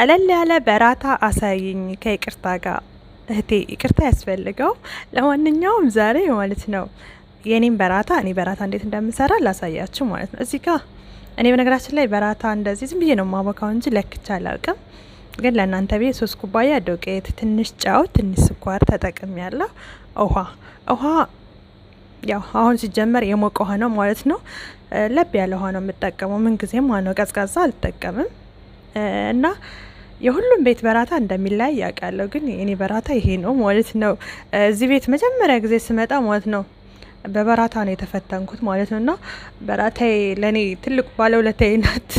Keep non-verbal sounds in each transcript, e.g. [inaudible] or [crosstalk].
ቀለል ያለ በራታ አሳይኝ ከይቅርታ ጋር እህቴ፣ ይቅርታ ያስፈልገው። ለማንኛውም ዛሬ ማለት ነው የኔም በራታ እኔ በራታ እንዴት እንደምሰራ ላሳያችሁ ማለት ነው። እዚህ ጋር እኔ በነገራችን ላይ በራታ እንደዚህ ዝም ብዬ ነው ማቦካው እንጂ ለክቻ አላውቅም። ግን ለእናንተ ቤት ሶስት ኩባያ ዶቄት፣ ትንሽ ጨው፣ ትንሽ ስኳር ተጠቅም ያለው ውሃ ውሃ ያው አሁን ሲጀመር የሞቀ ውሃ ነው ማለት ነው። ለብ ያለ ውሃ ነው የምጠቀመው ምን ጊዜም ቀዝቃዛ አልጠቀምም። እና የሁሉም ቤት በራታ እንደሚለያይ ያውቃለሁ፣ ግን የኔ በራታ ይሄ ነው ማለት ነው። እዚህ ቤት መጀመሪያ ጊዜ ስመጣ ማለት ነው በበራታ ነው የተፈተንኩት ማለት ነው። እና በራታዬ ለእኔ ትልቁ ባለውለታዬ ናት።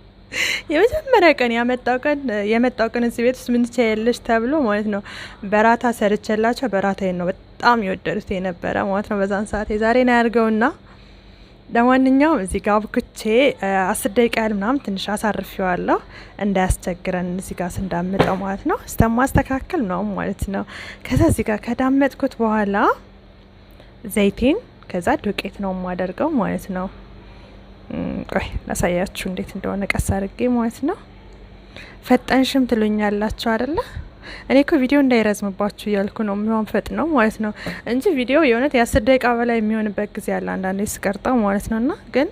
[laughs] የመጀመሪያ ቀን ያመጣው ቀን የመጣው ቀን እዚህ ቤት ውስጥ ምን ትችያለሽ ተብሎ ማለት ነው በራታ ሰርቼላቸው በራታዬን ነው በጣም የወደዱት የነበረ ማለት ነው። በዛን ሰዓት የዛሬን አያድርገውና ለማንኛውም እዚህ ጋር ብክቼ አስር ደቂቃ ያህል ምናምን ትንሽ አሳርፊዋለሁ እንዳያስቸግረን እዚህ ጋር ስንዳምጠው ማለት ነው። እስተማስተካከል ነው ማለት ነው። ከዛ እዚህ ጋር ከዳመጥኩት በኋላ ዘይቴን ከዛ ዱቄት ነው የማደርገው ማለት ነው። ቆይ ላሳያችሁ እንዴት እንደሆነ ቀስ አድርጌ ማለት ነው። ፈጠንሽም ትሉኛላችሁ አደለ? እኔ እኮ ቪዲዮ እንዳይረዝምባችሁ እያልኩ ነው። የሚሆን ፈጥ ነው ማለት ነው እንጂ ቪዲዮ የእውነት የአስር ደቂቃ በላይ የሚሆንበት ጊዜ አለ አንዳንዴ ስቀርጠው ማለት ነው። እና ግን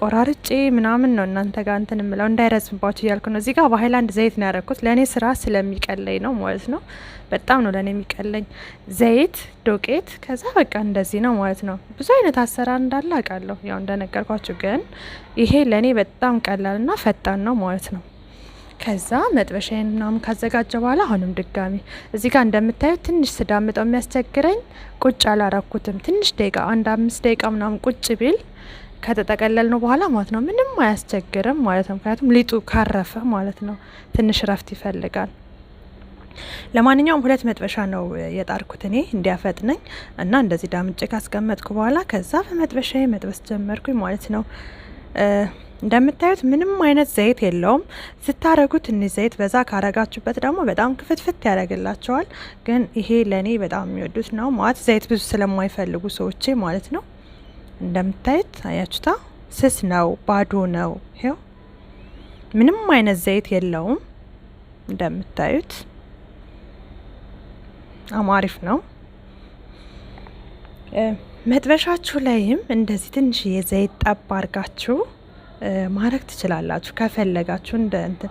ቆራርጬ ምናምን ነው እናንተ ጋር እንትን የምለው እንዳይረዝምባችሁ እያልኩ ነው። እዚህ ጋር በሀይላንድ ዘይት ነው ያደረግኩት ለእኔ ስራ ስለሚቀለኝ ነው ማለት ነው። በጣም ነው ለእኔ የሚቀለኝ ዘይት፣ ዶቄት፣ ከዛ በቃ እንደዚህ ነው ማለት ነው። ብዙ አይነት አሰራር እንዳለ አውቃለሁ፣ ያው እንደነገርኳችሁ ግን ይሄ ለእኔ በጣም ቀላል እና ፈጣን ነው ማለት ነው። ከዛ መጥበሻዬን ምናምን ካዘጋጀ በኋላ አሁንም ድጋሚ እዚህ ጋር እንደምታዩት ትንሽ ስዳምጠው የሚያስቸግረኝ ቁጭ አላረኩትም። ትንሽ ደቂቃ አንድ አምስት ደቂቃ ምናምን ቁጭ ቢል ከተጠቀለል ነው በኋላ ማለት ነው ምንም አያስቸግርም ማለት ነው። ምክንያቱም ሊጡ ካረፈ ማለት ነው ትንሽ ረፍት ይፈልጋል። ለማንኛውም ሁለት መጥበሻ ነው የጣርኩት እኔ እንዲያፈጥነኝ እና እንደዚህ ዳምጬ ካስቀመጥኩ በኋላ ከዛ በመጥበሻ መጥበስ ጀመርኩኝ ማለት ነው። እንደምታዩት ምንም አይነት ዘይት የለውም። ስታረጉት ትንሽ ዘይት በዛ ካረጋችሁበት ደግሞ በጣም ክፍትፍት ያደርግላቸዋል። ግን ይሄ ለእኔ በጣም የሚወዱት ነው ማለት ዘይት ብዙ ስለማይፈልጉ ሰዎቼ ማለት ነው። እንደምታዩት አያችሁታ፣ ስስ ነው፣ ባዶ ነው። ይኸው ምንም አይነት ዘይት የለውም። እንደምታዩት አማሪፍ ነው። መጥበሻችሁ ላይም እንደዚህ ትንሽ ዘይት ጠብ አርጋችሁ ማድረግ ትችላላችሁ። ከፈለጋችሁ እንደ እንትን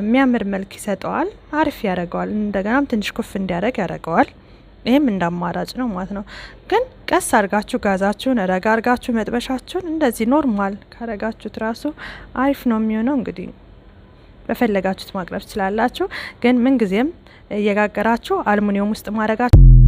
የሚያምር መልክ ይሰጠዋል፣ አሪፍ ያደርገዋል። እንደገናም ትንሽ ኩፍ እንዲያደርግ ያደርገዋል። ይህም እንደ አማራጭ ነው ማለት ነው። ግን ቀስ አርጋችሁ ጋዛችሁን ረጋ አርጋችሁ መጥበሻችሁን እንደዚህ ኖርማል ካረጋችሁት ራሱ አሪፍ ነው የሚሆነው። እንግዲህ በፈለጋችሁት ማቅረብ ትችላላችሁ። ግን ምንጊዜም እየጋገራችሁ አልሙኒየም ውስጥ ማድረጋችሁ